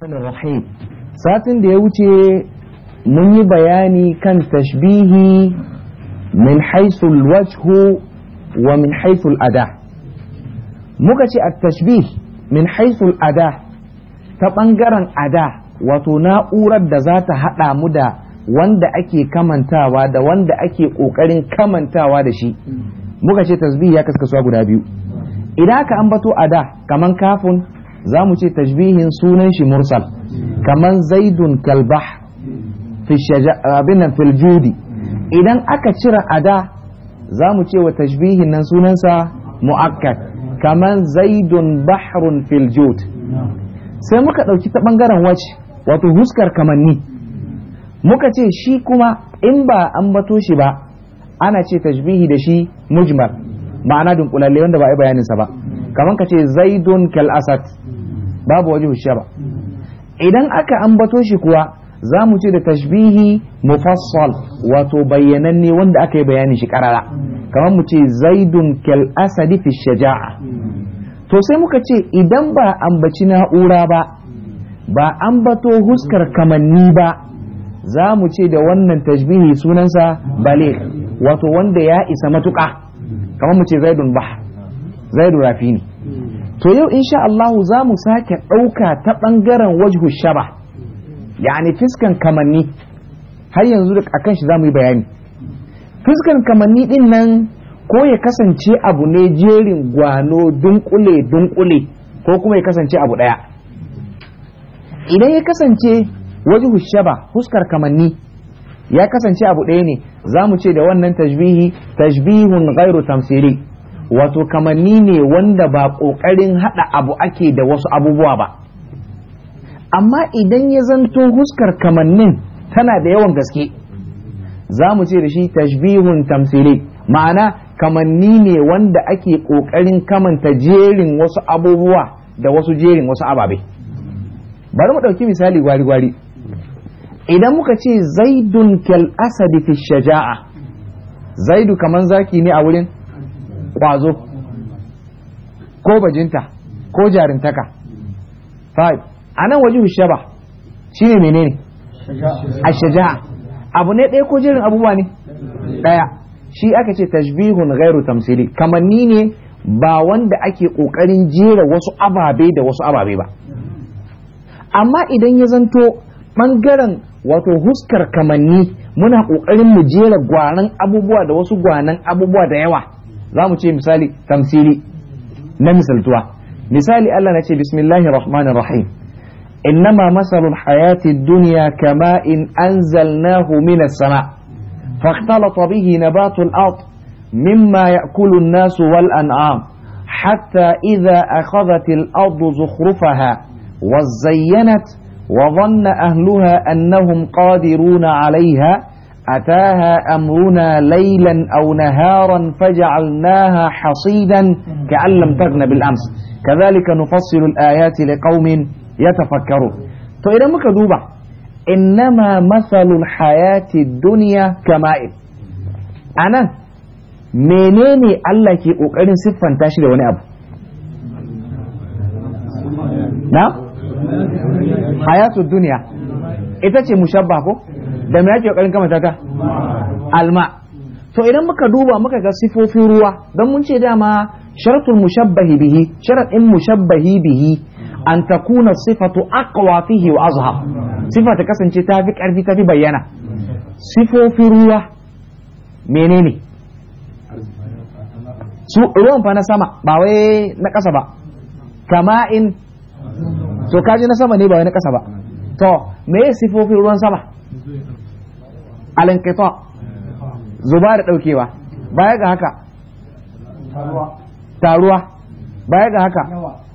satin da ya wuce mun yi bayani kan tashbihi min haisul wajhu wa min haisul ada muka ce a tashbih min haisul ada ta ɓangaren ada wato na'urar da za ta haɗa mu da wanda ake kamantawa da wanda ake ƙoƙarin kamantawa da shi muka ce tasbih ya kaskasuwa guda biyu idan aka ambato ada kaman kafin za mu ce tashbihin sunan shi mursal kaman zaidun kalbah fil judi idan aka cire ada za mu ce wa tashbihin nan sunansa mu'akkad kaman zaidun bahrun fil jud sai muka ɗauki ta ɓangaren wace wato huskar kamanni muka ce shi kuma in ba an bato shi ba ana ce tashbihi da shi mujmal ma'ana dunkulalle wanda ba a yi bayaninsa ba kamar ka ce zaidun kel asad babu waje ba idan aka ambato shi kuwa za mu ce da tashbihi mufassal wato bayyananne wanda aka yi bayanin shi karara kamar mu ce zaidun kel asadi fi shaja'a to sai muka ce idan ba ambaci na'ura ba ba ambato huskar kamanni ba za mu ce da wannan tashbihi sunansa balik wato wanda ya isa matuƙa kamar mu ce zaidun ba zaidu rafi ne to yau insha Allah za mu sake ɗauka ta ɓangaren wajhu shaba yani fiskan kamanni har yanzu da akan shi za mu yi bayani fiskan kamanni din nan ko ya kasance abu ne jerin gwano dunkule dunkule ko kuma ya kasance abu ɗaya idan ya kasance wajhu shaba fuskar kamanni ya kasance abu ɗaya ne za mu ce da wannan tajbihi tashbihun gairu tamsiri wato kamanni ne wanda ba ƙoƙarin haɗa abu ake da wasu abubuwa ba amma idan ya zanto huskar kamannin tana da yawan gaske za mu ce da shi tashbihun tamsiri ma'ana kamanni ne wanda ake ƙoƙarin kamanta jerin wasu abubuwa da wasu jerin wasu ababe bari mu ɗauki misali gwari-gwari idan muka ce zaidun kal asadi fi shaja'a zaidu kamar zaki ne a wurin kwazo ko bajinta ko jarintaka a nan waje shaba shine menene a shaja'a abu ne ɗaya ko jirin abubuwa ne ɗaya shi aka ce tashbihun gairu tamsili kamanni ne ba wanda ake ƙoƙarin jera wasu ababe da wasu ababe ba amma idan ya zanto ɓangaren wato huskar kamanni muna kokarin mu jera gwanan abubuwa da wasu gwanan abubuwa da yawa za mu ce misali tamsili na misaltuwa misali Allah na ce bismillahir rahmanir rahim innama masalul hayati dunya kama in anzalnahu minas sama fakhtalata bihi nabatul ard mimma ya'kulu an-nasu wal an'am hatta idha akhadhat al-ardu zukhrufaha وزينت وظن أهلها أنهم قادرون عليها أتاها أمرنا ليلا أو نهارا فجعلناها حصيدا كأن لم تغن بالأمس كذلك نفصل الآيات لقوم يتفكرون فإذا مكدوبة إنما مثل الحياة الدنيا كماء أنا منيني Allah ke ƙoƙarin siffanta shi نعم hayatu duniya ita ce mushabba ko da me yake kokarin kamata ta alma to idan muka duba muka ga sifofin ruwa don mun ce dama sharatul mushabbahi bihi sharadin mushabbahi bihi an takuna sifatu aqwa fihi wa azha sifa kasance ta fi karfi ta fi bayyana sifofin ruwa menene su ruwan fa na sama ba wai na ƙasa ba kama in to kaji na sama ne ba wani ƙasa ba to me ya sifofin ruwan sama alinkito zuba da ɗaukewa baya ga haka taruwa baya ga haka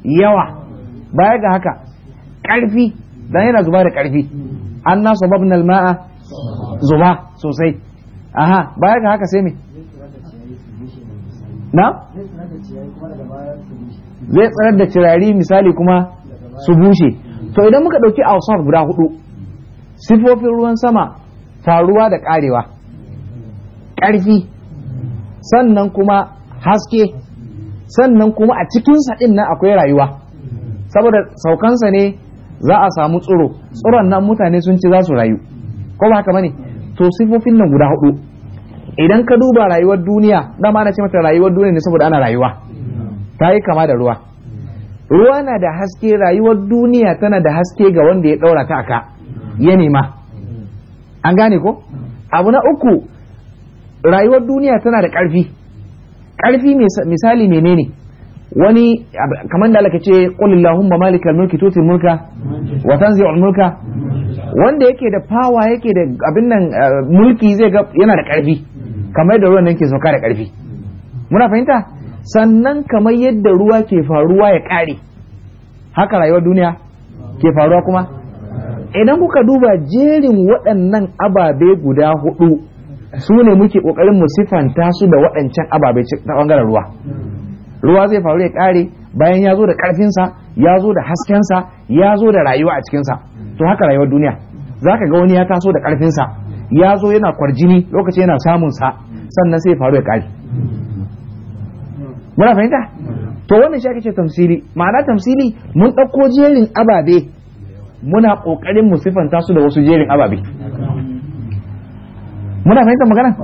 yawa baya ga haka ƙarfi dan yana zuba da ƙarfi an na sababin alma'a zuba sosai aha baya ga haka sai me na zai tsarar da cirari misali kuma su bushe to idan muka ɗauki awsaf guda hudu sifofin ruwan sama faruwa da karewa ƙarfi sannan kuma haske sannan kuma a cikinsa ɗinnan nan akwai rayuwa saboda saukansa ne za a samu tsoro, tsoron nan mutane sun ci za su rayu ko ba haka bane to sifofin nan guda hudu idan ka duba rayuwar duniya dama na ce mata rayuwar duniya ne saboda ana rayuwa ta yi kama da ruwa ruwa na da haske rayuwar duniya tana da haske ga wanda ya ɗaura ta ka ya nema an gane ko abu na uku rayuwar duniya tana da ƙarfi ƙarfi misali menene wani kamar da alaka ce ba malikar mulki tutil mulka watan zai mulka wanda yake da fawa yake da abin nan eh, mulki zai ga yana da ƙarfi kamar da ruwan nan ke sauka da ƙarfi muna fahimta sannan kamar yadda ruwa ke faruwa ya ƙare haka rayuwar duniya ke faruwa kuma idan kuka duba jerin waɗannan ababe guda hudu su ne muke ƙoƙarin mu siffanta su da waɗancan ababe ta ɓangaren ruwa ruwa zai faru ya ƙare bayan ya zo da ƙarfinsa ya zo da haskensa ya zo da rayuwa a cikinsa to haka rayuwar duniya za ka ga wani ya taso da ƙarfinsa ya zo yana kwarjini lokaci yana samunsa sannan sai ya faru ya ƙare muna fahimta to wannan shi ake ce tamsili ma'ana tamsili mun ɗauko jerin ababe muna ƙoƙarin mu sifanta su da wasu jerin ababe muna fahimta magana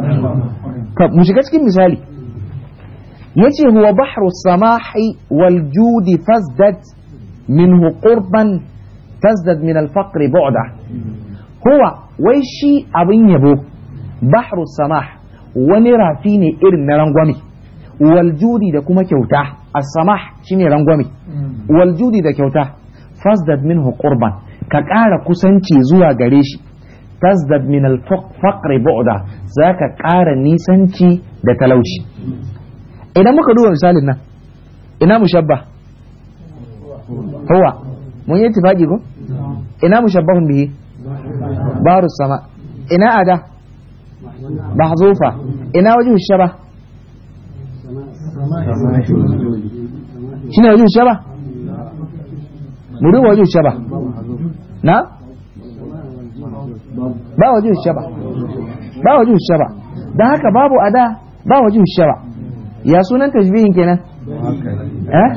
mu shiga cikin misali ce huwa bahru samahi wal judi fazdad minhu qurban tazdad min al faqr bu'da huwa wai shi abin yabo bahru samah wani rafi ne irin na rangwame waljudi da kuma kyauta as-samah shine rangwame mm. waljudi da kyauta fasdad minhu qurban ka ƙara kusanci zuwa gare shi tasdad min al-faqr bu'da zaka ƙara nisanci da talauci idan muka duba misalin nan ina mushabba huwa mun yi tifaki ko ina mushabbahun bihi Baru sama ina ada mahzufa ina wajhu shabah shi ne wajen shaba murin wajen shaba na ba wajen shaba ba wajen shaba da haka babu ada ba wajen shaba ya sunan tajbihin kenan eh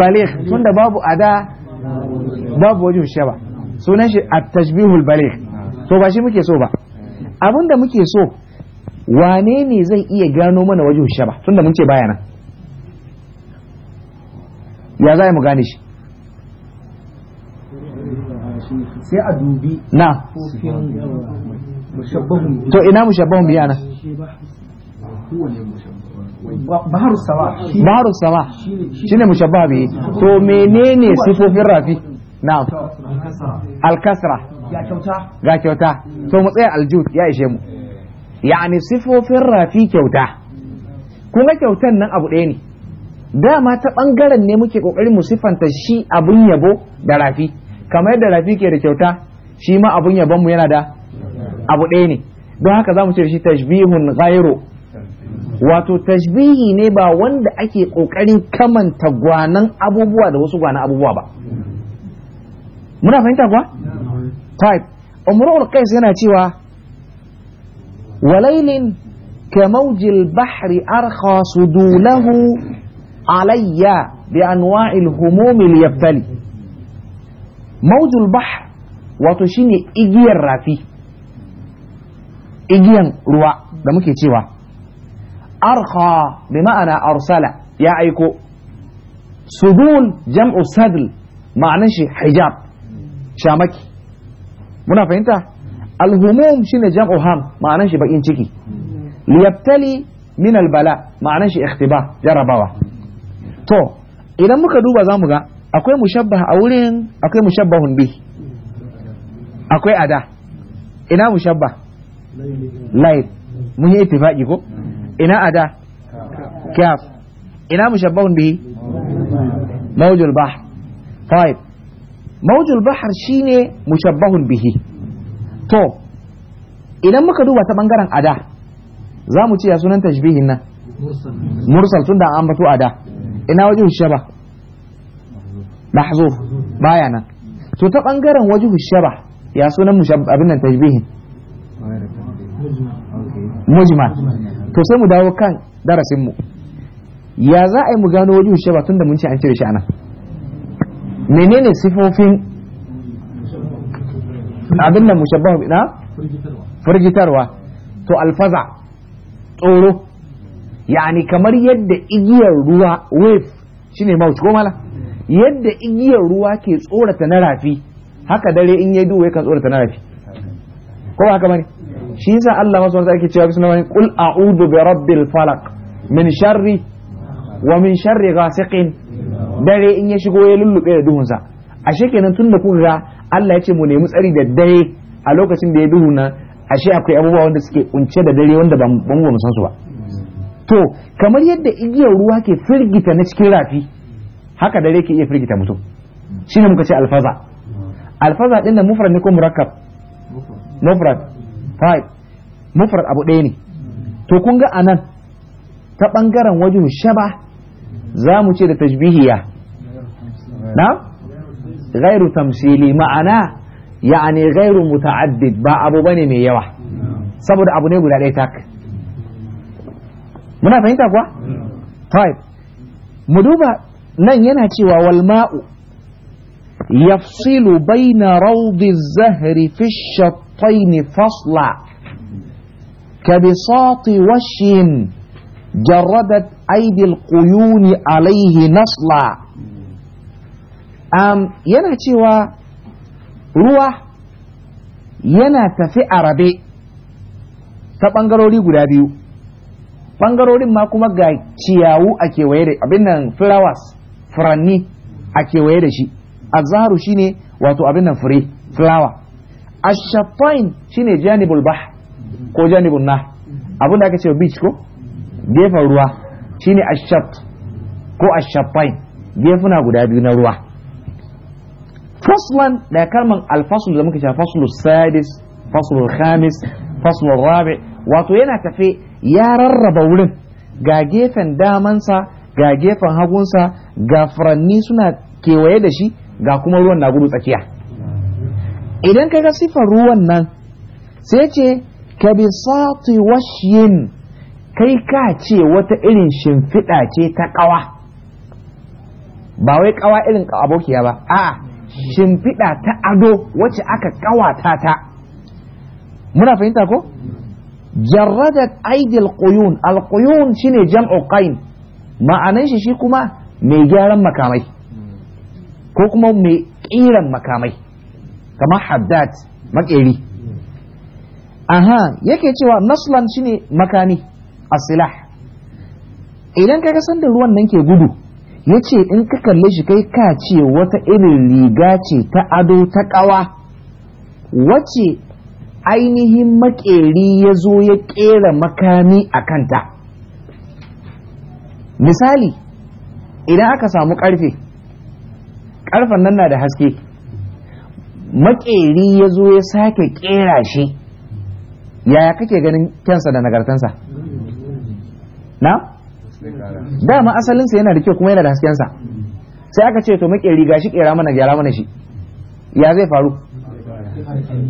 balik tunda babu ada babu wajen shaba sunan shi at-tashbihul balik to ba shi muke so ba abinda muke so wane ne zai iya gano mana wajen shaba tunda mun ce baya nan ya za mu gane shi sai a dubi na to ina mushabbahun biya nan baharu sawa baharu sawa shine mushabbaha bihi to menene sifofin rafi na'am alkasra ga kyauta to mu tsaya aljud ya ishe mu yani sifofin rafi kyauta kun kyautan nan abu ɗaya ne dama ta ɓangaren ne muke ƙoƙarin mu sifanta shi abun yabo da rafi kamar yadda rafi ke da kyauta shi ma abun yabon mu yana da abu ɗaya ne don haka za mu ce shi tashbihun ghairu wato tashbihi ne ba wanda ake ƙoƙarin kamanta gwanan abubuwa da wasu gwanan abubuwa ba muna fahimta kuwa type umrul qais yana cewa walailin kamaujil bahri أرخى dulahu. علي بأنواع الهموم ليبتلي موج البحر وتشيني إجي الرافي إجي روا ده ممكن تشيوا أرخى بمعنى أرسل يا أيكو سدول جمع سدل معناه حجاب شامكي muna fahimta alhumum shine jam'u ham ma'anan shi bakin ciki liyabtali min albala ma'anan shi ikhtiba jarabawa to idan muka duba za mu ga akwai mushabbah a wurin akwai mushabbahun bi akwai ada ina mushabbah laif mun yi ittifaqi ko ina ada kaf ina mushabbahun bi mawjul bahr طيب موج البحر shine mushabbahun bihi to idan muka duba ta bangaren ada za mu ce ya sunan tashbihin nan mursal tunda an bato ada ina waje shaba mahzuf baya nan to ta bangaren waje shaba ya sunan abin nan tashbihin mujmal to sai mu dawo kan darasin mu ya za a yi mu gano waje shaba tunda mun ce an cire shi anan menene sifofin abin nan mushabbahu na furgitarwa to alfaza tsoro yani kamar yadda igiyar ruwa wave shine mouth ko mala hmm. yadda igiyar ruwa ke tsorata na rafi haka dare in yayi duwa yakan tsorata na rafi ko haka bane hmm. shi yasa Allah masu wanda ake cewa bismillah qul a'udhu bi rabbil falaq min sharri wa min sharri ghasiqin hmm. dare in ya shigo ya lulluɓe da duhunsa ashe kenan tunda kuka ga Allah ya ce mu nemi tsari da dare a lokacin da ya duhu ashe akwai abubuwa wanda suke kunce da dare wanda ba mu san su ba to kamar yadda igiyar ruwa ke firgita na cikin rafi haka dare ke iya firgita mutum shine muka ce alfaza alfaza ɗin da mufrad ne ko murakkab mufrad fa'id mufrad abu ɗaya ne to kun ga anan ta ɓangaren wajen shaba za mu ce da tajbihiya na Gairu tamsili ma'ana ya'ani gairu muta'addid ba abu bane mai yawa saboda abu ne guda ɗaya tak muna fahimta kuwa طيب mu duba nan yana cewa wal ma'u yafsilu baina rawdi zahri fi shattayn fasla ka bi كبساط وش جردت أيدي القيون عليه nasla أم yana cewa ruwa yana tafi arabe ta bangarori guda biyu bangarorin ma kuma ga ciyawu a kewaye da abin nan flowers furanni a kewaye da shi azharu shine wato abin nan fure flower ashafain shine janibul bah ko janibul nah abin da aka ce beach ko gefen ruwa shine ashaf ko ashafain gefuna guda biyu na ruwa faslan da kalman alfaslu da muka ce faslu sadis faslu khamis faslu rabi wato yana tafe ya rarraba wurin ga gefen damansa ga gefen hagunsa ga furanni suna kewaye da shi ga kuma ruwan na gudu tsakiya idan ka ga sifar ruwan nan sai ce ka bi sati washin kai ka ce wata irin shimfiɗa ce ta ƙawa ba wai ƙawa irin abokiya ba a'a shimfiɗa ta ado wacce aka ƙawata ta muna fahimta ko jarradat aidil quyun al quyun shine jam'u qain ma'anan shi shi kuma mai gyaran makamai ko kuma mai kiran makamai kamar haddad makeri aha yake cewa naslan shine makami asilah idan kaga sanda ruwan nan ke gudu yace in ka kalle shi kai ka ce wata irin riga ce ta ado ta kawa wace ainihin makeri ya zo ya kera makami a kanta misali idan aka samu karfe, ƙarfen nan na da haske makeri ya zo ya sake kera shi yaya kake ganin kyansa da nagartansa na? dama asalinsa yana da kyau kuma yana da haskensa sai aka ce to makeri gashi kera mana gyara mana shi ya zai faru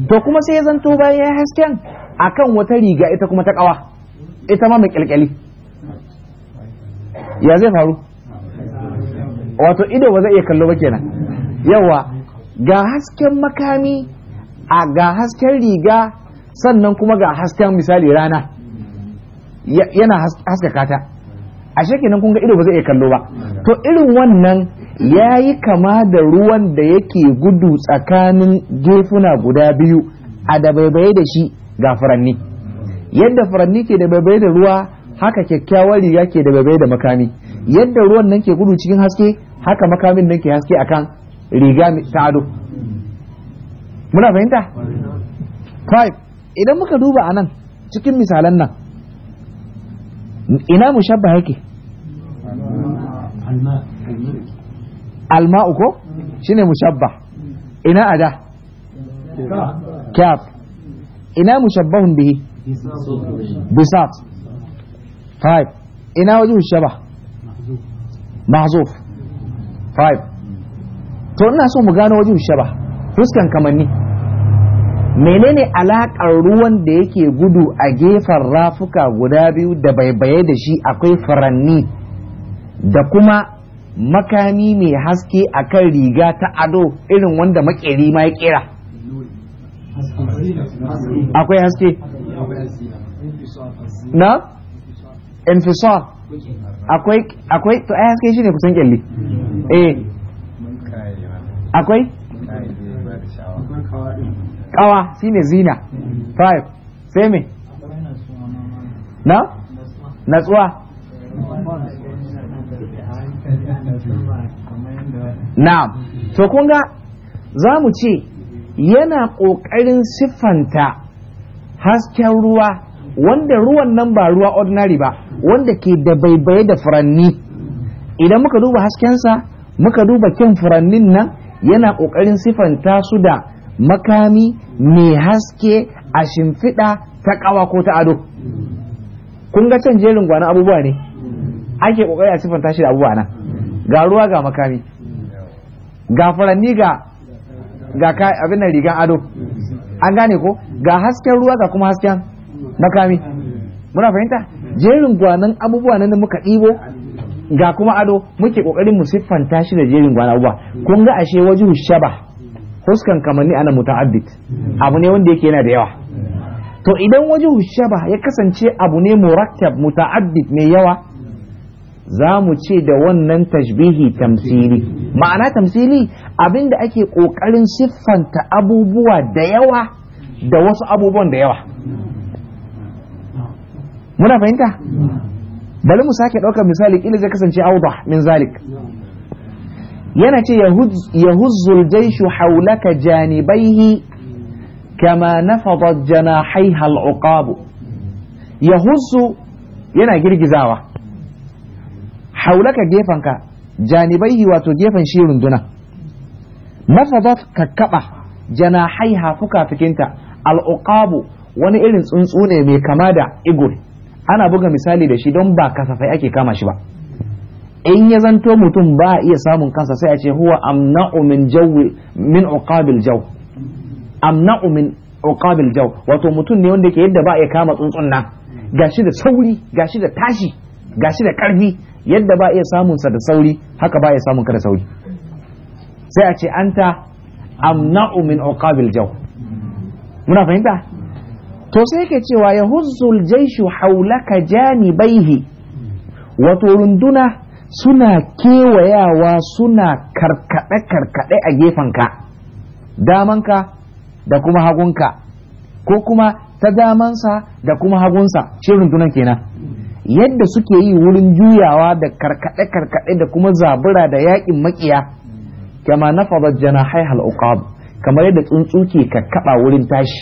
to kuma sai ya zanto bayan ya hasken akan wata riga ita kuma ta kawa ita ma mai kyalkyali ya zai faru wato ido ba zai iya kallo ba kenan yawa ga hasken makami a ga hasken riga sannan kuma ga hasken misali rana yana haskaka ta ashe kenan kun ga ido ba zai iya kallo ba to irin wannan ya yi kama da ruwan da yake gudu tsakanin gefuna guda biyu a da baibaye da shi ga furanni yadda furanni ke da baibaye da ruwa haka kyakkyawar riga ke da baibaye da makami yadda ruwan nan ke gudu cikin haske haka makamin nan ke haske akan riga ta ado muna fahimta five idan muka duba a nan cikin misalan nan ina mu shabba yake alma'u ko shine mushabbah ina ada kaf ina mushabbahun bihi bisat طيب ina wajen shaba mahzuf 5 to ina so mu gano wajen shaba fuskan kamanni menene alakar ruwan da yake gudu a gefen rafuka guda biyu da baibaye da shi akwai furanni da kuma makami mai haske a kan riga ta ado irin wanda makeri ma ya kera akwai haske na infisar akwai akwai to ai haske shi ne kusan kyalli eh akwai kawa shine zina five sai me na natsuwa na'am to kun ga za mu ce yana ƙoƙarin siffanta hasken ruwa wanda ruwan nan ba ruwa ordinary ba wanda ke da baibaye da furanni idan muka duba haskensa muka duba kin furannin nan yana ƙoƙarin siffanta su da makami mai haske a shimfiɗa ta ƙawa ko ta ado kun ga can jerin abubuwa ne ake ƙoƙari a siffanta shi da abubuwa nan ga ruwa ga makami ga furanni ga abin rigan ado an gane ko ga hasken ruwa ga kuma hasken makami muna fahimta jerin gwanan abubuwa nan da muka ɗibo ga kuma ado muke ƙoƙarin mu siffanta shi da jerin gwana abubuwa kun ga ashe wajuhu shaba huskan kamanni ana muta'addid abu ne wanda yake yana da yawa to idan wajuhu shaba ya kasance abu ne muraktab muta'addid mai yawa za mu ce da wannan tashbihi tamsili ma'ana tamsili abinda ake ƙoƙarin siffanta abubuwa da yawa da wasu abubuwan da yawa muna fahimta bari mu sake ɗaukar misali ƙila zai kasance auda min zalik yana ce yahuzzul jaishu haulaka janibaihi kama nafadat hal al'uqabu yahuzzu yana girgizawa haulaka janibai yi wato gefen shi runduna nafadat kakkaba janahaiha fukafikinta al'uqabu wani irin tsuntsu ne mai kama da igul ana buga misali da shi don ba kasafai ake kama shi ba in ya zanto mutum ba a iya samun kansa sai a ce huwa amna'u min jawi min uqabil jaw amna'u min uqabil jaw wato mutum ne wanda ke yadda ba ya kama tsuntsun nan gashi da sauri gashi da tashi gashi da karfi yadda ba iya samunsa da sauri haka ba iya samun ka da sauri sai a ce anta amna'u min uqabil jaw muna fahimta to sai yake cewa ya huzzul jaishu haulaka janibaihi wato runduna suna kewayawa suna karkade karkade a gefenka damanka da kuma hagunka ko kuma ta damansa da kuma hagunsa shi rundunan kenan yadda suke yi wurin juyawa da karkaɗe-karkaɗe da kuma zabura da yaƙin makiya kama na jana haihal uqab kamar yadda tsuntsu ke kakkaɓa wurin tashi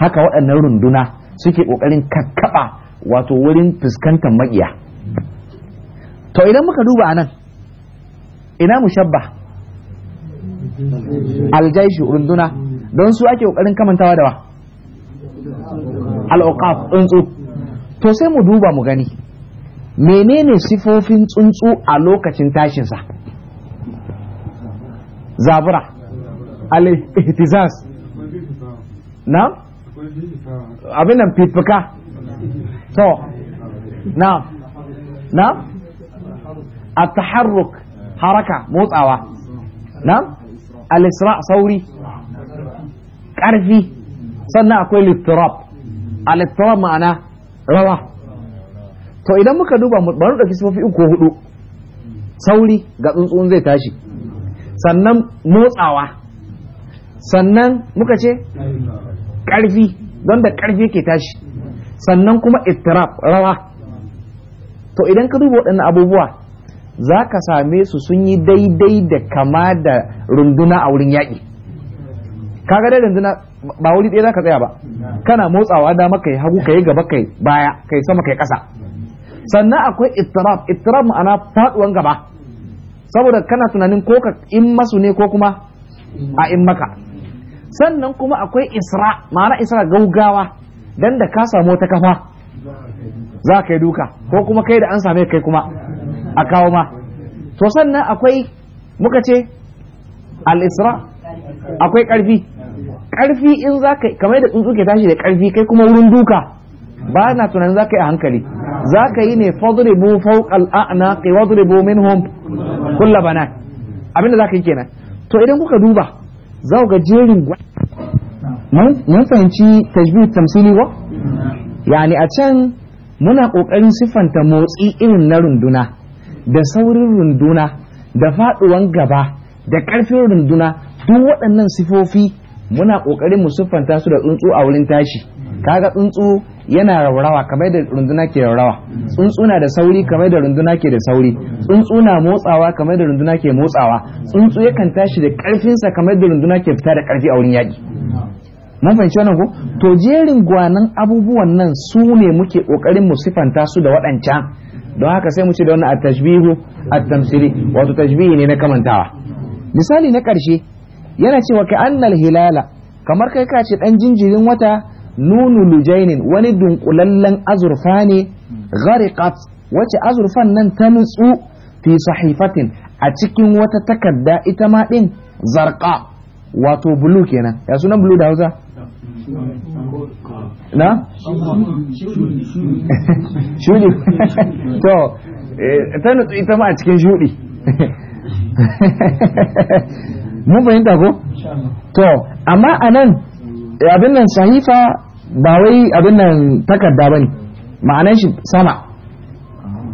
haka waɗannan runduna suke ƙoƙarin kakkaɓa wato wurin fuskantar maƙiya to idan muka duba anan, nan ina mushabba aljaishi runduna don su ake ƙoƙarin kamantawa da wa al'uqab tsuntsu to sai mu duba mu gani menene sifofin tsuntsu a lokacin tashinsa zabura al-ihtizaz na Abinan fifika to na na at-taharruk haraka motsawa na al-isra sauri ƙarfi sannan akwai littirab al ma'ana rawa to idan muka duba mu bari dauki sifofi uku ko hudu sauri ga tsuntsun zai tashi sannan motsawa sannan muka ce ƙarfi don da karfi ke tashi sannan kuma ittirab rawa to idan ka duba waɗannan abubuwa za ka same su sun yi daidai da kama da runduna a wurin yaƙi kaga dai runduna ba wuri ɗaya zaka tsaya ba kana motsawa dama kai hagu kai gaba kai baya kai sama kai ƙasa sannan akwai ittirab ittirab ma'ana faɗuwan gaba saboda kana tunanin ko ka in masu ne ko kuma a in maka sannan kuma akwai isra ma'ana isra gaugawa dan da ka samu ta kafa za ka yi duka ko kuma kai da an same kai kuma a kawo ma to sannan akwai muka ce al-isra akwai ƙarfi karfi in za ka kamar da tsuntsu ke tashi da karfi kai kuma wurin duka ba na tunanin za ka yi a hankali za ka yi ne fadribu fawqa al'ana qi wadribu minhum kullu bana abinda za ka yi kenan to idan kuka duba za ku ga jerin mun fahimci tajbih tamsili ba yani a can muna kokarin siffanta motsi irin na runduna da saurin runduna da faɗuwan gaba da karfin runduna duk waɗannan sifofi muna kokarin mu siffanta su da tsuntsu a wurin tashi kaga tsuntsu yana raurawa kamar da runduna ke raurawa tsuntsu na da sauri kamar da runduna ke da sauri tsuntsu na motsawa kamar da runduna ke motsawa tsuntsu yakan tashi da karfinsa kamar da runduna ke fita da karfi a wurin yaƙi mun fahimci wannan ko to jerin gwanan abubuwan nan su ne muke kokarin mu siffanta su da waɗancan don haka sai mu ce da wannan at-tashbihu at-tamsili wato tashbihi ne na kamantawa misali na ƙarshe yana cewa ka annal hilala kamar kai ka ce dan jinjirin wata nunu lujainin wani dunkulallen azurfa ne ghariqat wace azurfan nan ta nutsu fi sahifatin a cikin wata takarda ita ma din zarqa wato blue kenan ya sunan blue da Hausa na shudi to eh, ta nutsu ita ma a cikin shudi mun fahimta ko to amma anan eh, abin nan sahifa ba wai abin nan takarda bane ma'anan shi sama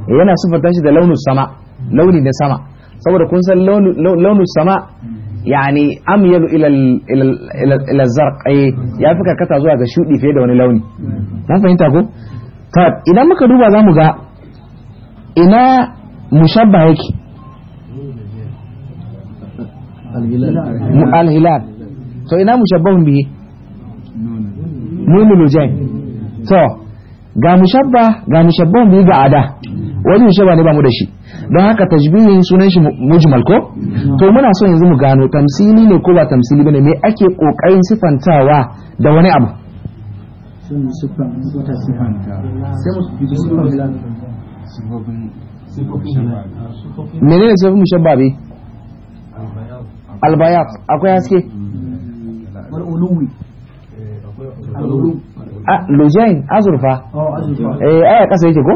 eh, yana sifata shi da launin sama launi na sama saboda kun san launin sama yani amyalu ila zarqai eh, ya fi karkata zuwa ga shudi fiye da wani launi mun fahimta ko ta idan muka duba zamu ga ina mushabba yake al-hilal to ina mushabbahun bihi Nunu lujain. to ga mushabba ga mushabbahun biye ga ada wani mushabba ne ba mu da shi don haka tajbihin sunan shi mujmal ko to muna son yanzu mu gano tamsili ne ko ba tamsili bane me ake kokarin sifantawa da wani abu menene sifofin mushabba bi albayat akwai haske a ah, lujain oh, azurfa eh aya kasa yake ko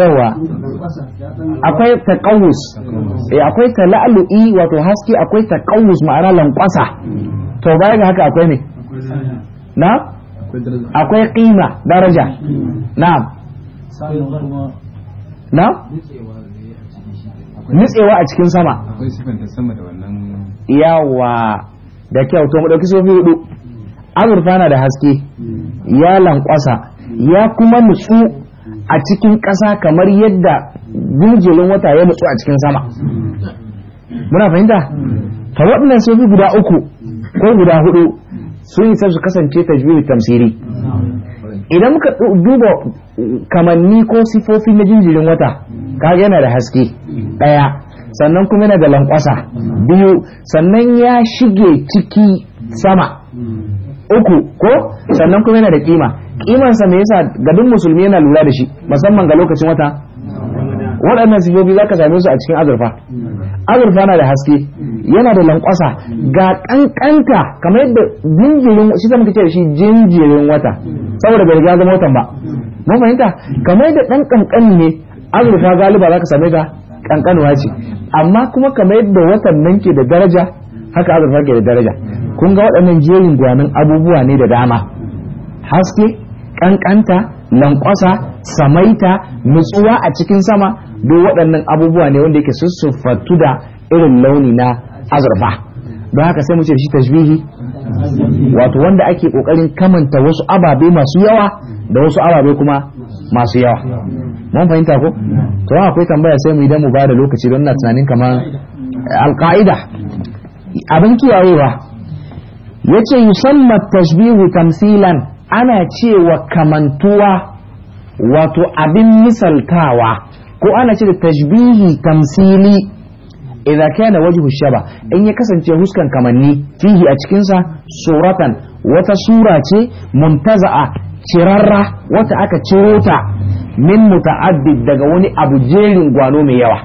yawa akwai taqawus eh akwai talalui wato haske akwai taqawus ma'ana lankwasa to baya ga haka akwai ne na akwai qima daraja hmm. na'am na nitsewa a cikin sama akwai sifanta sama da wannan yawa da kyau to mu ɗauki sofi hudu azurfa na da haske ya lankwasa ya kuma nutsu a cikin ƙasa kamar yadda gujelin wata ya nutsu a cikin sama muna fahimta ta waɗannan sofi guda uku ko guda hudu sun isa su kasance tajwid tamsiri idan muka duba kamanni ko sifofi na jinjirin wata kaga yana da haske ɗaya sannan kuma yana da lankwasa biyu sannan ya shige ciki sama uku ko sannan kuma yana da kima kimansa me yasa gadin musulmi yana lura da shi musamman ga lokacin wata waɗannan sifofi za ka same su a cikin azurfa azurfa na da haske yana da lankwasa ga ƙanƙanta kamar yadda jinjirin shi zama kace da shi jinjirin wata saboda bai riga zama watan ba mun fahimta kamar yadda ɗan ƙanƙan ne azurfa galiba za ka same ga ƙanƙanuwa ce amma kuma kamar yadda watan nan ke da daraja haka azurfa ke da daraja kun ga waɗannan jerin gwanin abubuwa ne da dama haske ƙanƙanta lankwasa samaita nutsuwa a cikin sama duk waɗannan abubuwa ne wanda yake sussufattu da irin launi na azurfa don haka sai mu ce shi tashbihi wato wanda ake ƙoƙarin kamanta wasu ababe masu yawa da wasu ababe kuma masu yawa mun fahimta ko to akwai tambaya sai mu idan mu ba da lokaci don na tunanin kamar alqaida abin kiyayewa yace yusamma tashbihu tamsilan ana cewa kamantuwa wato abin misaltawa ko ana ce da tashbihi tamsili idza kana wajhu shaba in ya kasance huskan kamanni fihi a cikin sa suratan wata sura ce muntaza'a cirarra wata aka ciro ta min muta'addid daga wani abu jerin gwano mai yawa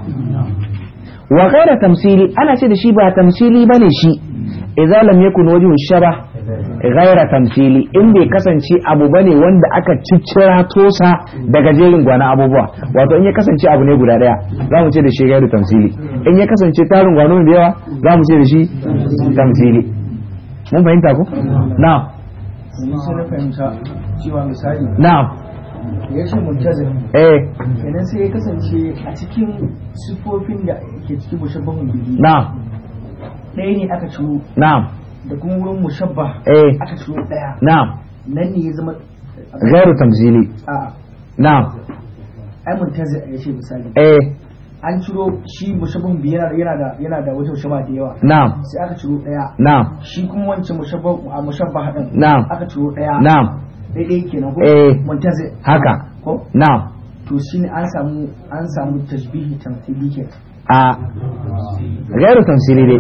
wa ghaira tamsili ana ce da shi ba tamsili bane shi idza lam yakun wajhu shaba ghaira tamsili in bai kasance abu bane wanda aka ciccira tosa daga jerin gwana abubuwa wato in ya kasance abu ne guda daya za mu ce da shi ghaira tamsili in ya kasance tarin gwano mai yawa za mu ce da shi tamsili mun fahimta ko na'am na'am ya ce muntazir eh kenan sai ya kasance a cikin sifofin da ke cikin mushabbahun bihi na'am ɗaya ne aka ciro na'am da kuma wurin mushabba eh aka ciro ɗaya na'am nan ne ya zama gairu tamzili a'a na'am ai muntazir ya ce misali eh an ciro shi mushabbahun biyu yana da yana da wata mushabba da yawa na'am sai aka ciro daya na'am shi kuma wancan mushabba mushabba hadin na'am aka ciro daya na'am daidai kenan ko eh, muntazi haka ko na. to shine an samu an samu tashbihi tamthili kenan a gairu tamsili ne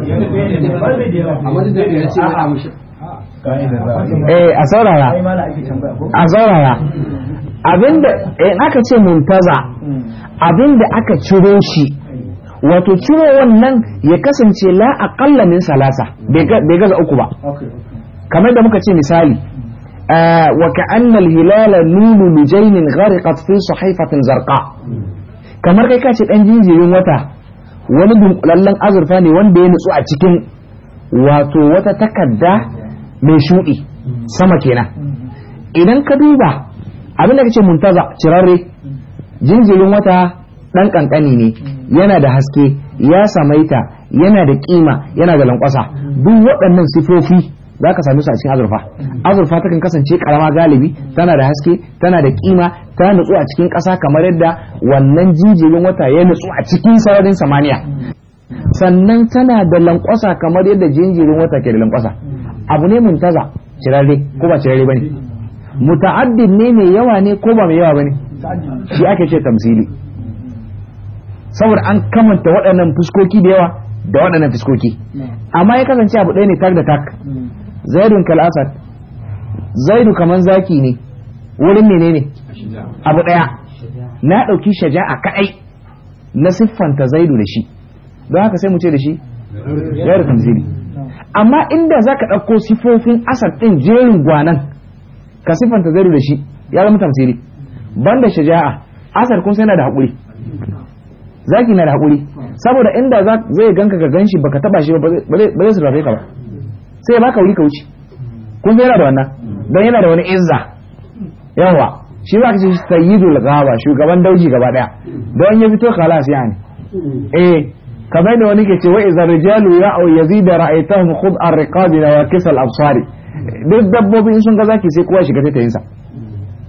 eh, a saurara a saurara abinda eh aka ce muntaza abinda aka ciro shi wato ciro wannan ya kasance la aqalla min salasa bai gaza uku ba kamar da muka ce misali آه وكأن الهلال نون لجين غرقت في صحيفة زرقاء kamar kai kace dan jinjirin wata wani dunkulallen azurfa ne wanda ya nutsu a cikin wato wata takarda mai shuɗi sama kenan idan ka duba abin da kace muntaza cirarre jinjirin wata dan kankani ne yana da haske ya samaita yana da kima yana da lankwasa duk waɗannan sifofi za ka same su a cikin azurfa azurfa takan kasance karama galibi tana da haske tana da kima ta nutsu a cikin ƙasa kamar yadda wannan jijiyoyin wata ya nutsu a cikin sararin samaniya sannan tana da lankwasa kamar yadda jinjirin wata ke da lankwasa abu ne muntaza cirarre ko ba ba bane muta'addin ne mai yawa ne ko ba mai yawa bane shi ake ce tamsili saboda an kamanta waɗannan fuskoki da yawa da waɗannan fuskoki amma ya kasance abu ɗaya ne tak da tak zaidun kal zaidu kaman zaki ne wurin menene abu daya na dauki shaja'a kadai na siffanta zaidu da shi don haka sai mu ce da shi gairu tamzili amma inda zaka dauko sifofin Asar din jerin gwanan ka siffanta zaidu da shi ya zama tamsiri banda shaja'a Asar kun sai na da hakuri zaki na da hakuri saboda inda zai ganka ka ganshi baka taba shi ba ba zai surrafe ka ba sai baka wuri ka wuce kun yana da wannan dan yana da wani izza yawa shi za ka ce sayyidul ghaba shugaban dauji gaba daya don ya fito khalas yani eh bai da wani ke ce wa idza rijalu ya'u yazida ra'aytahum khud ar-riqab wa kisal absari duk dabbobi in sun ga zaki sai kowa shiga tayin sa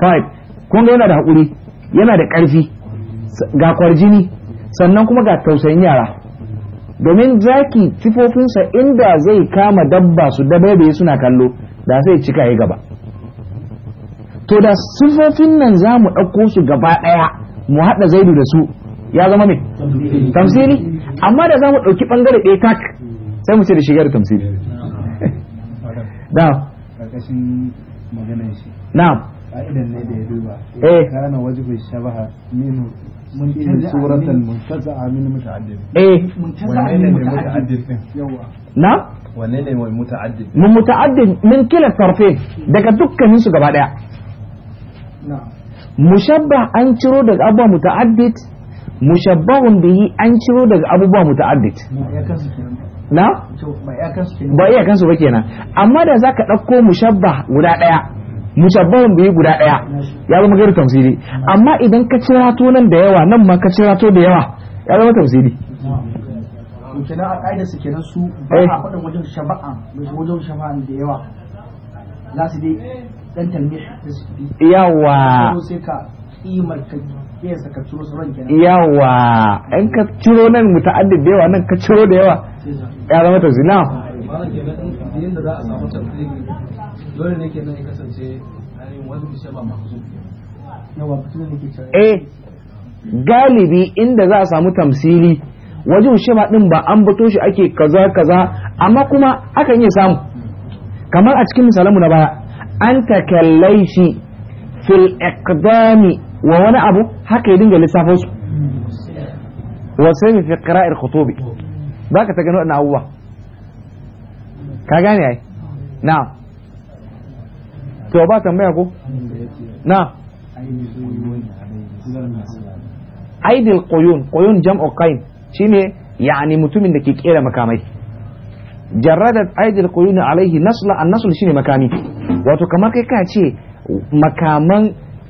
kai kun ga yana da hakuri yana da karfi ga kwarjini sannan kuma ga tausayin yara domin zaki tifofinsa inda zai kama dabba su dabaibaye suna kallo da sai cika ya gaba to da sifofin nan za mu ɗauko su gaba ɗaya mu haɗa zaidu da su ya zama mai tamsiri amma da za mu ɗauki ɓangare ɗaya tak sai mu ce da shigar tamsili na'am ƙarƙashin shi na'am ƙa'idan ne da ya duba eh kana wajibu shabaha minhu suratan muntaza'a min eh. na ne mun muta'addid min kila sarfin daga dukkanin su gaba daya na mushabbah an ciro daga abubuwa muta'addid mushabbahun bihi an ciro daga abubuwa muta'addid na ba kansu ba kenan amma da zaka dauko mushabbah guda daya mushabbahun bai guda daya ya zama gari tamsili amma idan ka rato nan da yawa nan ma ka rato da yawa ya zama tamsili kenan a su kenan su eh. yawa za ka ciro in ka ciro nan muta'addid da yawa nan ka ciro da yawa ya zama tamsili na dole ne kenan ya kasance ainihin wani bisa ba mafi eh galibi inda za a samu tamsili wajen shema din ba an bato shi ake kaza kaza amma kuma akan iya samu kamar a cikin misalanmu na baya an takallai shi fil iqdami wa wani abu haka ya dinga lissafo su wasu fi qira'ir khutubi baka ta gano na abuwa ka gane ai na'am to ba tambaya ko na aidil qoyun qoyun jam'u qayn shine yani mutumin da ke kera makamai jarradat aidil qoyun alaihi nasla an nasl shine makami wato kamar kai ka ce makaman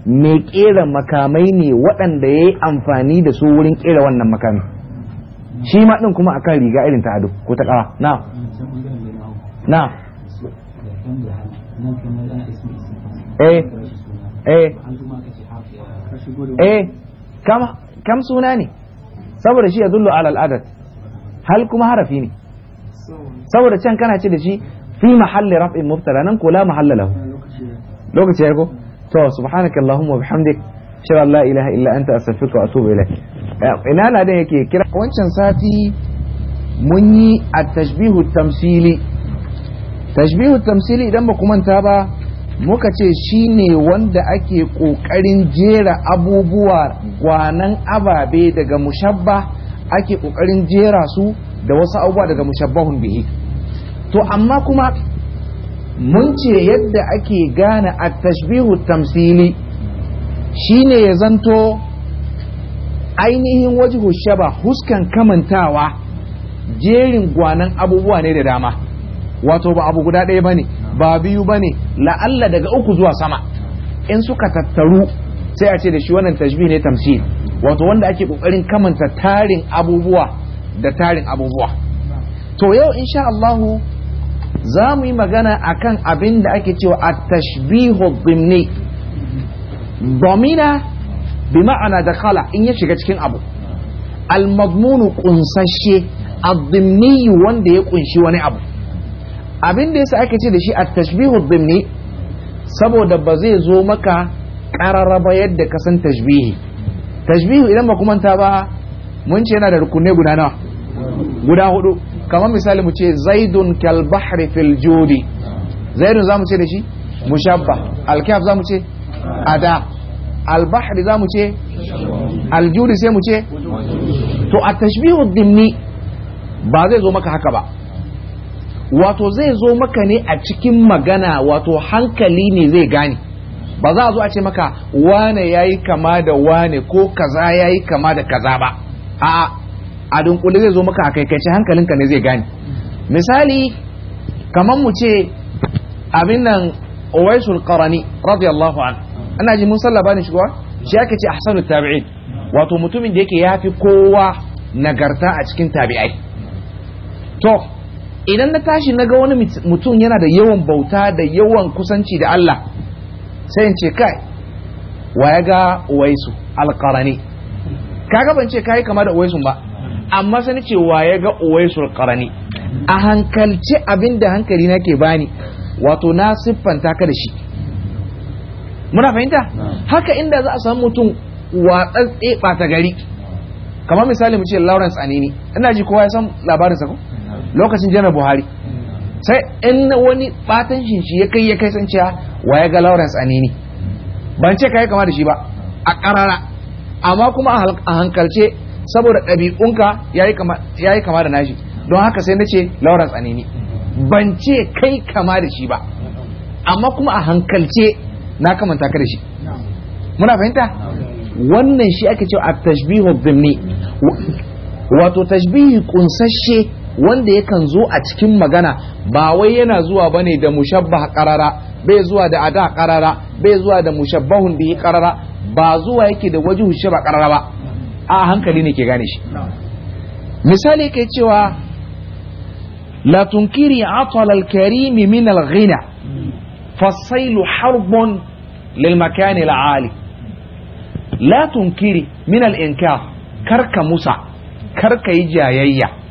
mai kera makamai ne waɗanda ya yi amfani da su wurin kera wannan makami shi ma ɗin kuma akan riga irin ta ado ko ta ƙawa na na eh eh eh kam suna ne saboda shi ya dullu alal adad hal kuma harafi ne saboda can kana ce da shi fi mahalli raf'in mubtala nan ko la mahalla lahu lokaci ya ko to subhanaka allahumma wa bihamdik shar la ilaha illa anta astaghfiruka wa atubu ilaik eh, ina ladan yake kira wancan sati mun yi at-tashbihu tamsili tashbihu tamsili idan ba manta ba muka ce shine wanda ake ƙoƙarin jera abubuwa gwanan ababe daga mushabba ake ƙoƙarin jera su da wasu abubuwa daga mushabbahun bihi to amma kuma mun ce yadda ake gane a tashbihu tamsili shine ya zanto ainihin wajihu shaba huskan kamantawa jerin gwanan abubuwa ne da dama wato ba abu guda ɗaya bane ba biyu bane la'alla daga uku zuwa sama in suka tattaru sai a ce da shi wannan tashbih ne tamsil wato wanda ake kokarin kamanta tarin abubuwa da tarin abubuwa to yau insha Allah za mu yi magana akan abin da ake cewa a tashbihu dhimni domina bi ma'ana dakhala in ya shiga cikin abu al-madmunu kunsashe ad wanda ya kunshi wani abu abin da yasa ake ce da shi a tashbihu dhimni saboda ba zai zo maka kararraba yadda ka san tashbihi tashbihu idan ba kuma ta ba mun ce yana da rukunai guda nawa guda hudu kamar misali mu ce zaidun kal bahri fil judi zaidun zamu ce da shi mushabba alkaf zamu ce ada al bahri zamu ce al judi sai mu ce to a tashbihu dhimni ba zai zo maka haka ba wato zai zo maka ne a cikin magana wato hankali ne zai gane ba za a zo a ce maka wane ya yi kama da wane ko kaza ya yi kama da kaza ba a a dunkule zai zo maka a kaikaice hankalinka ne zai gane misali kamar mu ce abin nan uwaisul qarani radiyallahu an ana ji mun sallaba ne shigowa shi ake ce ahsanu tabi'in wato mutumin da yake yafi kowa nagarta a cikin tabi'ai to idan na tashi na ga wani mutum yana da yawan bauta da yawan kusanci da Allah sai in ce kai wa ya ga uwaisu alƙarani kaga ban ce kai kama da uwaisun ba amma sani ce wa ya ga uwaisu alƙarani a hankalce abin da hankali na ke bani wato na siffanta ka da shi muna fahimta haka inda za a samu mutum watsatse ɓata gari kamar misali mu ce Lawrence Anini ina ji kowa ya san labarinsa ko lokacin janar buhari sai in wani batan shi ya kai ya kai san cewa wa ya ga lawrence anini ban ce kai kama da shi ba a karara amma kuma a hankalce saboda ɗabi'unka ya yi kama da nashi don haka sai na ce lawrence anini ban ce kai kama da shi ba amma kuma a hankalce na kamanta ka da shi muna fahimta wannan shi ake cewa a tashbihu dhimmi wato tashbihi kunsashe wanda yakan zo a cikin magana ba wai yana zuwa bane da mushabba qarara bai zuwa da ada qarara bai zuwa da mushabbahun bihi qarara ba zuwa yake da wajhu shaba qarara ba a hankali ne ke gane shi misali ke cewa la tunkiri atal al-karimi min al-ghina fasailu harbun lil makani al-ali la tunkiri min al-inkar karka musa karka yi jayayya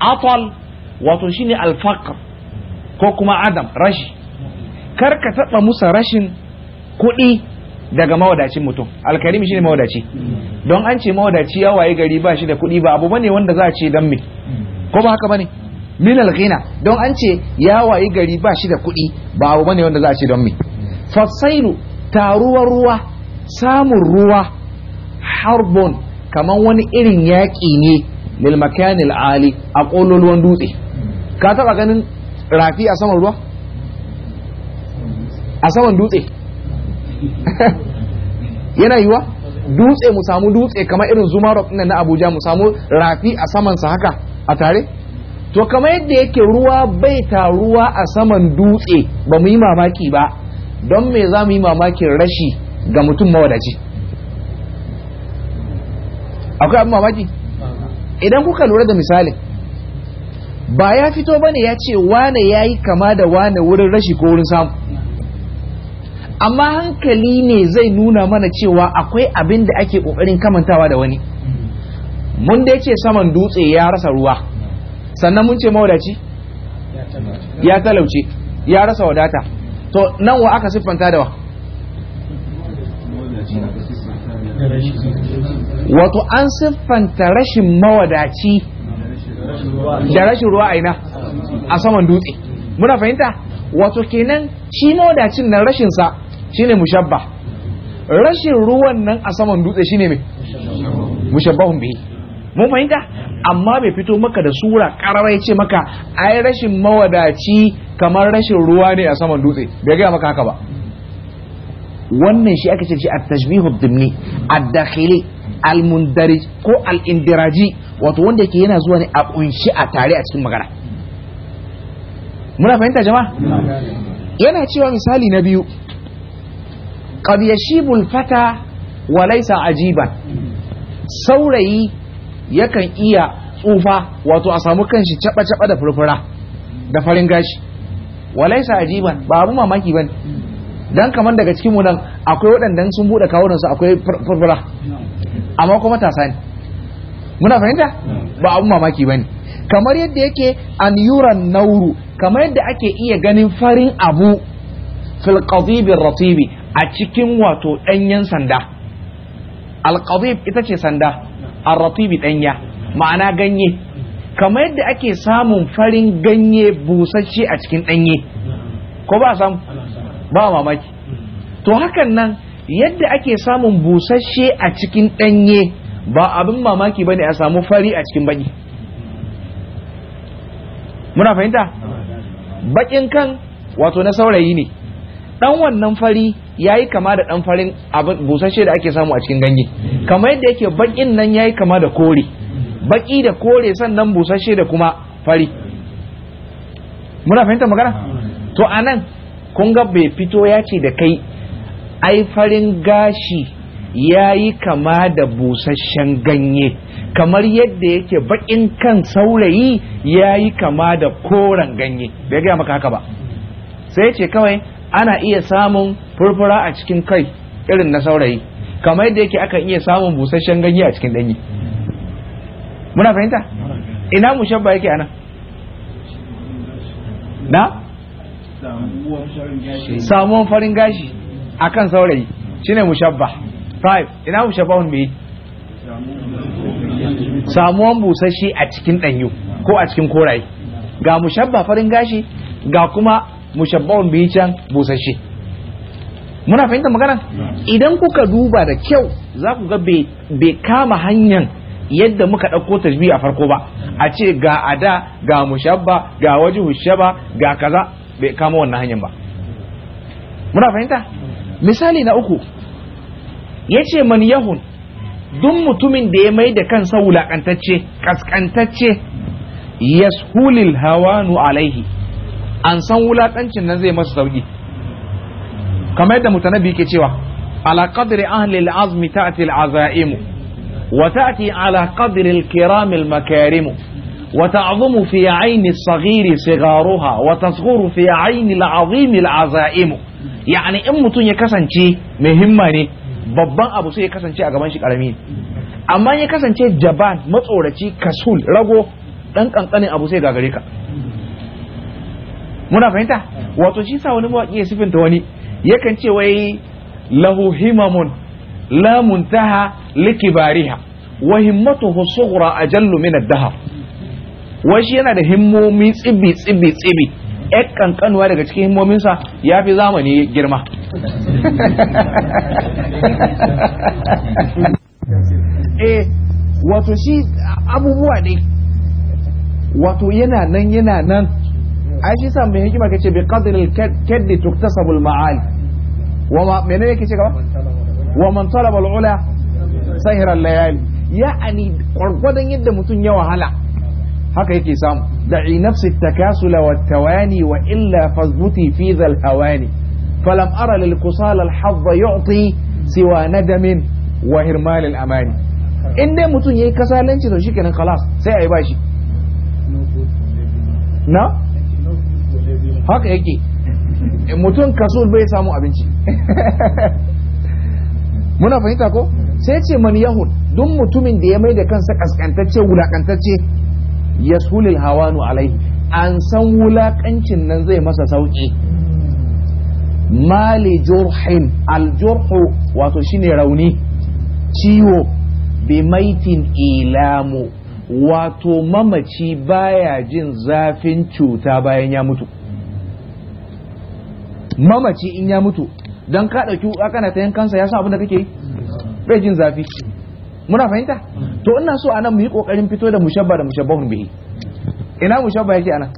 atal wato shine alfaqr ko kuma adam rashi kar ka taba musa rashin kuɗi daga mawadacin mutum alkarim shine mawadaci don an ce mawadaci ya waye gari ba shi da kuɗi ba abu bane wanda za a ce dan me ko ba haka bane min alghina don an ce ya waye gari ba shi da kuɗi ba abu bane wanda za a ce dan me fasailu taruwar ruwa samun ruwa harbon kaman wani irin yaƙi ne lil makanil ali a kololuwan dutse ka taba ganin rafi a saman ruwa a saman dutse yana yiwa dutse mu samu dutse kamar irin zuma rock na abuja mu samu rafi a samansa haka a tare to kamar yadda yake ruwa bai ruwa a saman dutse ba mu yi mamaki ba don me za mu yi mamakin rashi ga mutum mawadaci akwai abin mamaki idan kuka lura da misalin ba ya fito ba ne ya ce wane ya yi kama da wane wurin rashi ko wurin samu amma hankali ne zai nuna mana cewa akwai abin da ake ƙoƙarin kamantawa da wani mun da ce saman dutse ya rasa ruwa sannan mun ce mawadaci ya talauce ya rasa wadata to nan wa aka siffanta da wa wato an siffanta rashin mawadaci da rashin ruwa aina a saman dutse muna fahimta wato kenan shi mawadacin nan rashin sa shine mushabba rashin ruwan nan a saman dutse shine mai mushabbahun bihi mun fahimta amma bai fito maka da sura karara ya ce maka ai rashin mawadaci kamar rashin ruwa ne a saman dutse bai gaya maka haka ba wannan shi aka ce shi at-tashbihu a dimni ad-dakhili al-mundarij ko al-indiraji wato wanda yake yana zuwa ne a kunshi a tare a cikin magana muna fahimta jama'a yana cewa misali na biyu qad yashibu al-fata wa laysa ajiban saurayi yakan iya tsufa wato a samu kanshi caba caba da furfura da farin gashi wa laysa ajiban ba abu mamaki bane dan kamar daga cikin mu nan akwai waɗanda sun buɗe kawunan su akwai furfura amma kuma matasa ne muna fahimta ba abun mamaki bane kamar yadda yake an yuran nauru kamar yadda ake iya ganin farin abu fil qadibir ratibi a cikin wato danyen sanda al qadib ita ce sanda ar ratibi danya ma'ana ganye kamar yadda ake samun farin ganye busasshe a cikin danye ko ba samu ba mamaki to hakan nan yadda ake samun busasshe a cikin danye ba abin mamaki ba ne a samu fari a cikin baki muna fahimta bakin kan wato na saurayi ne dan wannan fari yayi kama da dan farin abin busasshe da ake samu a cikin ganye kamar yadda yake bakin nan yayi kama da kore baki da kore sannan busasshe da kuma fari muna fahimta magana to anan kun ga bai fito ya ce da kai ai farin gashi ya yi kama da busasshen ganye kamar yadda yake baƙin kan saurayi ya yi kama da koren ganye bai gaya maka haka ba sai ce kawai ana iya samun furfura a cikin kai irin na saurayi kamar yadda yake aka iya samun busasshen ganye a cikin ɗanyi muna fahimta ina mushabba yake ana na samuwan farin gashi akan saurayi shine mushabba five ina mushabbahun me samuwan busashi a cikin danyo ko a cikin koraye ga mushabba farin gashi ga kuma mushabbahun bi can busashi muna fahimtar magana idan kuka duba da kyau za ku ga bai kama hanyar yadda muka ɗauko tajbi a farko ba a ce ga ada ga mushabba ga waje hushaba ga kaza bai kama wannan hanyar ba muna fahimta misali na uku ya ce man yahun duk mutumin da ya mai da kansa wulakantacce kaskantacce yashulil hawanu alaihi an san wulakancin nan zai masa sauki kamar yadda mutanabi ke cewa ala qadri ahli al-azmi ta'ti al-azaimu wa ta'ti ala qadri al-kiram al-makarimu وتعظم في عين الصغير صغارها وتصغر في عين العظيم العزائم يعني in mutum ya kasance mai himma ne babban abu sai ya kasance a gaban shi karami amma ya kasance jaban matsoraci kasul rago dan kankanin abu sai gagare ka muna fahimta wato shi sa wani mawaki ya sifinta wani yakan ce wai lahu himamun la muntaha likibariha wa himmatuhu sughra ajallu min ad washi yana da himmomi tsibi tsibi tsibi yan kankanuwa daga cikin himmominsa ya fi zamani girma eh wato shi abubuwa ne wato yana nan yana nan a shi sa mai hikima kace bi bai kaddi tuktasabu al-ma'ali wa menene yake ce gaba wa man talaba al-ula sahira al-layali ya'ani gwargwadon yadda mutum ya wahala haka yake samu Da da'i nafsi takasula wa tawani wa illa fazbuti fi zal hawani falam ara lil kusala al hadda yu'ti siwa nadamin wa hirmal al amani in dai mutum yayi kasalanci to shikenan khalas sai ayi bashi na haka yake mutum kasul bai samu abinci muna fahimta ko sai ce man yahud duk mutumin da ya mai da kansa kaskantacce wulakantacce yasulil hawanu alaihi an san wulakancin nan zai masa sauki mali jurhin aljurhu wato shine rauni ciwo bi maitin ilamu wato mamaci baya jin zafin cuta bayan ya mutu mamaci in ya mutu don ka ɗauki kana ta yankansa ya sa abin da kake yi bai jin zafi muna fahimta hmm. to ina so anan mu yi kokarin fito da mushabba da mushabbahun bihi ina mushabba yake anan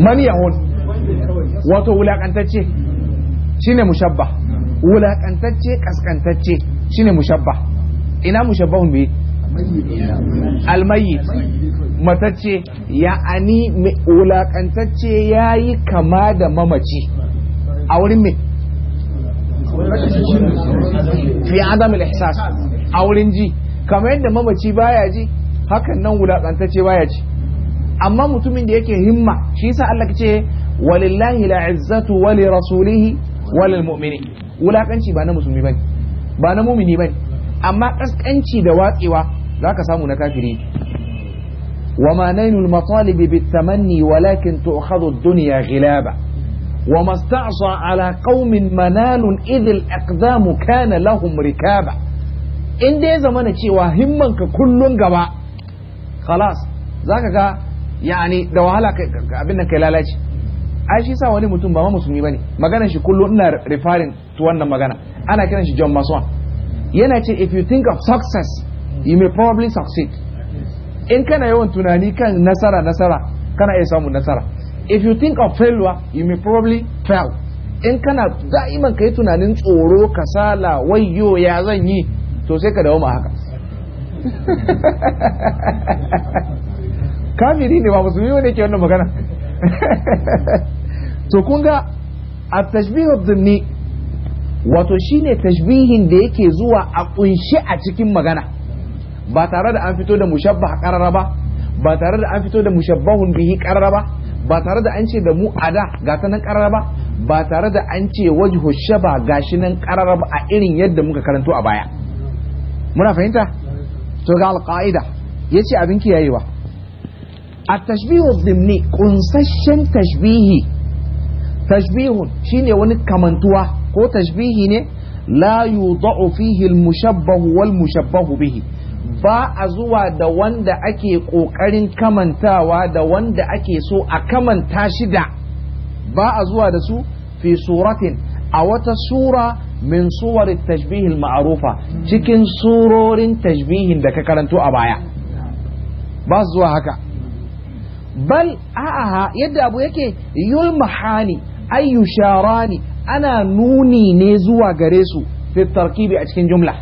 man yahun wato wulakantacce shine mushabba hmm. wulakantacce kaskantacce shine mushabba ina mushabbahun bihi almayyit matacce ya'ani wulakantacce yayi kama da mamaci a wurin me fi adam al-ihsas a wurin ji kamar yadda mamaci baya ji hakan nan wulakantacce baya ji amma mutumin da yake himma shi yasa Allah ce walillahi la izzatu wa li rasulihi wa lil mu'minin wulakanci ba na musulmi bane ba na mu'mini bane amma kaskanci da watsewa zaka samu na kafiri وما نيل المطالب walakin ولكن تؤخذ الدنيا غلابا wa ala على قوم idil aqdamu kana كان لهم ركابا in dai zamana cewa himmanka kullun gaba khalas zaka ga yani da wahala abin nan kai lalace ai shi sa wani mutum ba ma musulmi bane maganar shi kullun ina referring to wannan magana ana kiran shi John Mason yana ce if you think of success you may probably succeed in kana yawan tunani kan nasara nasara kana iya samun nasara if you think of failure you may probably fail in kana da'iman ka yi tunanin tsoro kasala wayo ya zan yi to sai ka dawo ma haka kamiri ne ba musulmi wani ke wannan magana to kun ga a tashbihar zunni wato shine tashbihin da yake zuwa a kunshe a cikin magana ba tare da an fito da mushabba a ba ba tare da an fito da mushabbahun bihi karara ba ba tare da an ce da mu da ga ta nan karara ba ba tare da an ce wajhu ga shi nan karara ba a irin yadda muka karanto a baya muna fahimta to ga ya ce abin kiyayewa A tashbihu dhimni kunsashen tashbihi tashbihun shine wani kamantuwa ko tashbihi ne la yudau fihi al mushabbahu wal mushabbahu bihi ba a zuwa da wanda ake ƙoƙarin kamantawa da wanda ake so a kamanta shi da ba a zuwa da su fi suratin a wata sura min suwarin tashbihin ma'arufa cikin surorin tashbihin da ka karanto a baya ba su zuwa haka bal a'a yadda abu yake yulmahani ayyusharani ana nuni ne zuwa gare su fi tarkibi a cikin jumla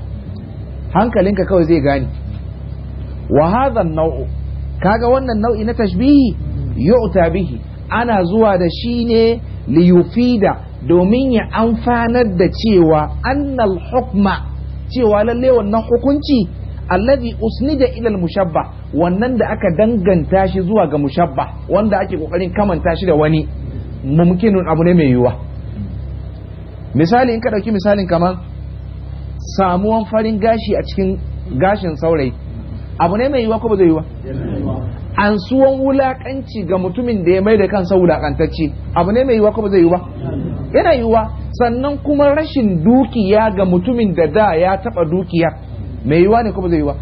hankalinka kawai zai gane wa hadha an-naw'u kaga wannan nau'i na tashbihi yu'ta bihi ana zuwa da shi ne li yufida domin ya amfanar da cewa annal hukma cewa lalle wannan hukunci alladhi usnida ila al-mushabbah wannan da aka danganta shi zuwa ga mushabbah wanda ake kokarin kamanta shi da wani mumkinun abu ne mai yiwuwa misali in ka dauki misalin kamar samuwan farin gashi a cikin gashin saurayi abu ne mai yiwa ko ba zai yiwa an suwan wulakanci ga mutumin da ya mai da kansa wulakantacce abu ne mai yiwa ko ba zai yiwa yana yiwa sannan kuma rashin dukiya ga mutumin da da ya taba dukiya mai yiwa ne ko ba zai yiwa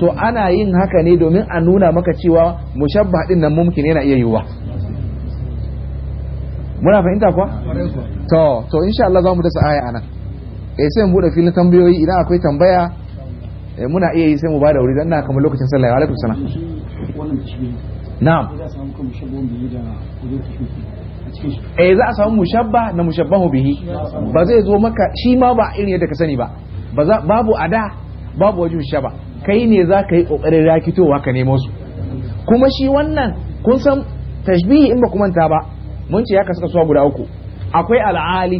to ana yin haka ne domin a nuna maka cewa mushabba din nan mumkin yana iya yiwa muna fahimta kuwa to to insha Allah za mu dasa aya anan eh sai mu bude filin tambayoyi idan akwai tambaya Eh, muna iya yi sai mu bada wuri dan na kamar lokacin sallah alaikum salam na'am eh za a samu mushabba na mushabbahu bihi ba zai zo maka shi ma ba irin yadda ka sani ba babu da babu wajen shaba kai ne za ka yi kokarin rakitowa ka nemo su kuma shi wannan kun san tashbihi in ba ku manta ba mun ce ya kasu kasuwa guda uku akwai al'ali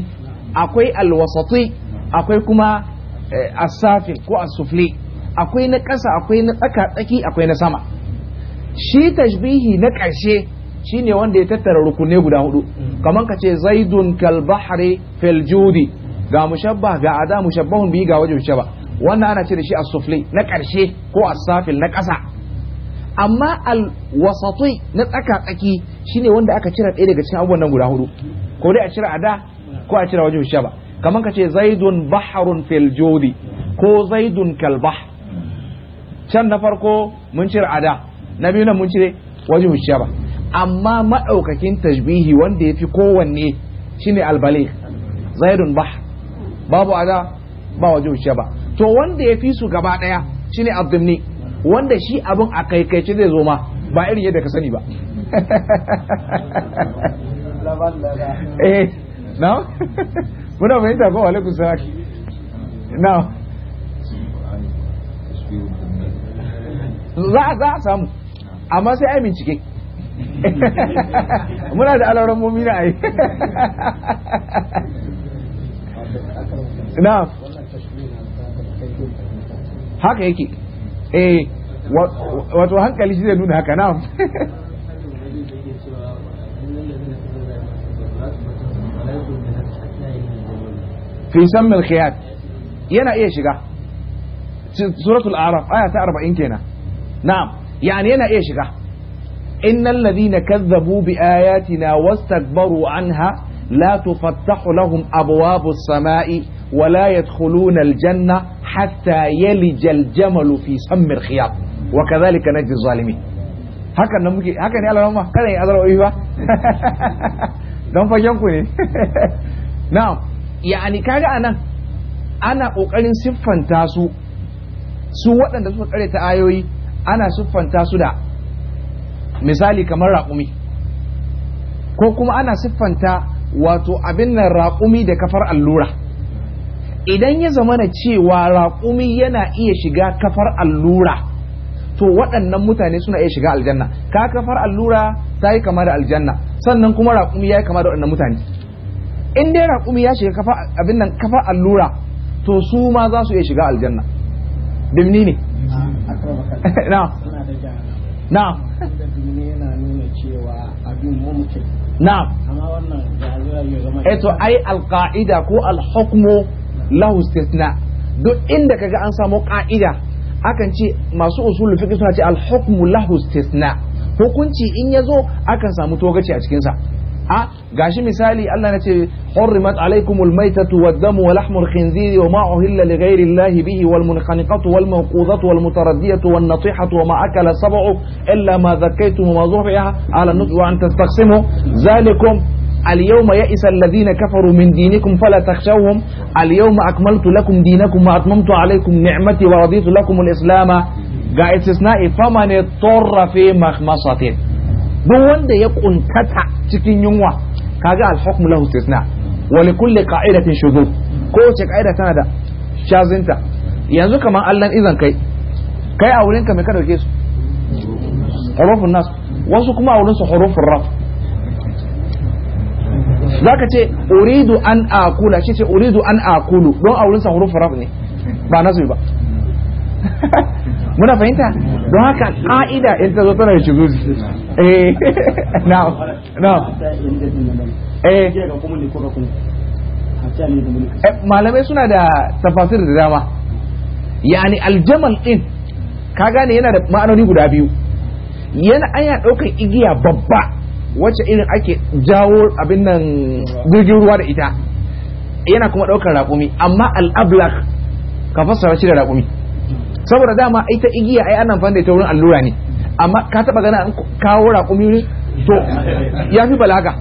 akwai alwasati akwai kuma eh, asafi ko asufli akwai na ƙasa akwai na tsaka tsaki akwai na sama shi tashbihi na ƙarshe shine wanda ya tattara rukunai guda hudu kamar ka ce zaidun kal bahri fil judi ga mushabbah ga ada mushabbahun ga waje shabah Wannan ana ce da shi as-sufli na ƙarshe ko as-safil na ƙasa amma al-wasati na tsaka tsaki shine wanda aka cira ɗaya daga cikin abubuwan nan guda hudu ko dai a cira ada ko a cira waje shabah kamar ka ce zaidun bahrun fil judi ko zaidun kal bahr can na farko mun cire ada na biyu nan mun cire wajen shaba amma maɗaukakin tashbihi wanda ya fi kowanne shine albale zaidun bah babu ada ba wajen shaba to wanda ya fi su gaba ɗaya shine abdumni wanda shi abin a kaikaice zai zo ma ba irin yadda ka sani ba eh na muna fahimta ko alaikum salam na za a samu amma sai ai bincike muna da alauran mumina a yi na haka yake eh wato hankali shi zai nuna haka na fi san milkiyat yana iya shiga suratul arab aya ta 40 kenan na'am yani yana iya shiga innal ladina kazzabu bi ayatina wastakbaru anha la tufattahu lahum abwabu samai ولا يدخلون الجنة حتى يلج الجمل في سم الخياط وكذلك نجزي الظالمين haka nan muke haka ne Allah ma kada ya azara ba dan fagen ku ne na'am yani kaga anan ana kokarin siffanta su su waɗanda suka kare ta ayoyi ana siffanta su da misali kamar raƙumi ko kuma ana siffanta wato abin nan raƙumi da kafar allura idan ya zama na cewa raƙumi yana iya shiga kafar allura to waɗannan mutane suna iya shiga aljanna ka kafar allura ta yi kama da aljanna sannan kuma raƙumi ya yi kama da waɗannan mutane in dai raƙumi ya shiga kafar abin nan kafar allura to su ma za su iya shiga aljanna dimni ne na na yana nuna cewa abin na amma wannan zama eto eh, ai alqaida ko alhukmu lahu istithna duk inda kaga an samu ƙa'ida akan ce masu usul fiqh suna ce alhukmu lahu hukunci in yazo akan samu togaci a cikinsa. ها آه، جاشي مثالي قال لنا حرمت عليكم الميتة والدم ولحم الخنزير وما أهل لغير الله به والمنخنقة والموقوذة والمتردية والنطيحة وما أكل السبع إلا ما ذكيتم وما ظهرها على النطق وأن تستقسموا ذلكم اليوم يئس الذين كفروا من دينكم فلا تخشوهم اليوم أكملت لكم دينكم وأتممت عليكم نعمتي ورضيت لكم الإسلام جاء استثنائي فمن اضطر في مخمصة duk wanda ya kuntata cikin yunwa kaga al-hukm lahu istisna wa li kulli qa'idatin shuzuz kowace qa'ida tana da shazinta yanzu kaman Allah izan kai kai a ka me ka dauke su hurufun nas wasu kuma a wurin su hurufun raf zaka ce uridu an akula shi ce uridu an akulu don a sa hurufun raf ne ba nasu ba muna fahimta don haka ka'ida in ta zo tana da eh, shigo eh. eh malamai suna da tafasir da dama yani aljamal din ka gane yana da ma'anoni guda biyu yana ana ɗaukar igiya babba wacce irin ake jawo abin nan jirgin ruwa da ita yana kuma ɗaukar raƙumi amma al'ablak ka fassara shi da raƙumi saboda dama ita igiya ai ana amfani da ita wurin allura ne amma ka taba gana an kawo raƙumi ne to ya fi balaga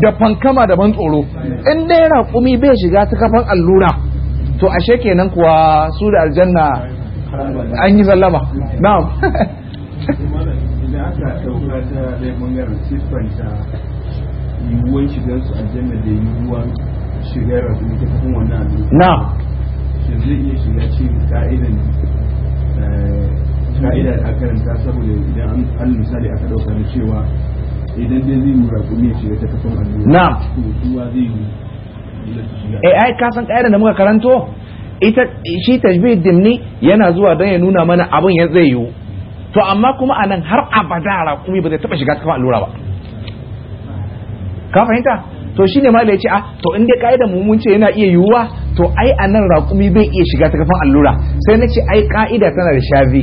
da fankama da ban tsoro in dai raƙumi bai shiga ta kafan allura to ashe kenan kuwa su da aljanna an yi sallama na'am yiwuwan shigar su aljanna da yiwuwan shigar rasu ne ta kafin wannan abin na zai iya shiga cikin ka'idan eh, ka'ida da aka karanta saboda idan an misali aka dauka da cewa idan dai zai mura kuma ya shiga ta kafin allura na'am kuwa zai yi eh ai ka san ka'idar da muka karanto ita shi tashbih dimni yana zuwa don ya nuna mana abin ya zai yiwu to amma kuma a nan har abada raƙumi ba zai taɓa shiga kafin allura ba ka fahimta to shine ma da ya ce a ah, to in dai ka'idar mu mun ce yana iya yiwuwa to ai a nan raƙumi bai iya shiga ta kafin allura sai na ce ai ka'ida tana da shafi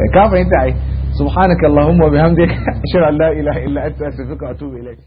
eh, ka fahimta ai subhanakallahumma bihamdika ashhadu an la ilaha illa anta astaghfiruka wa atubu ilaik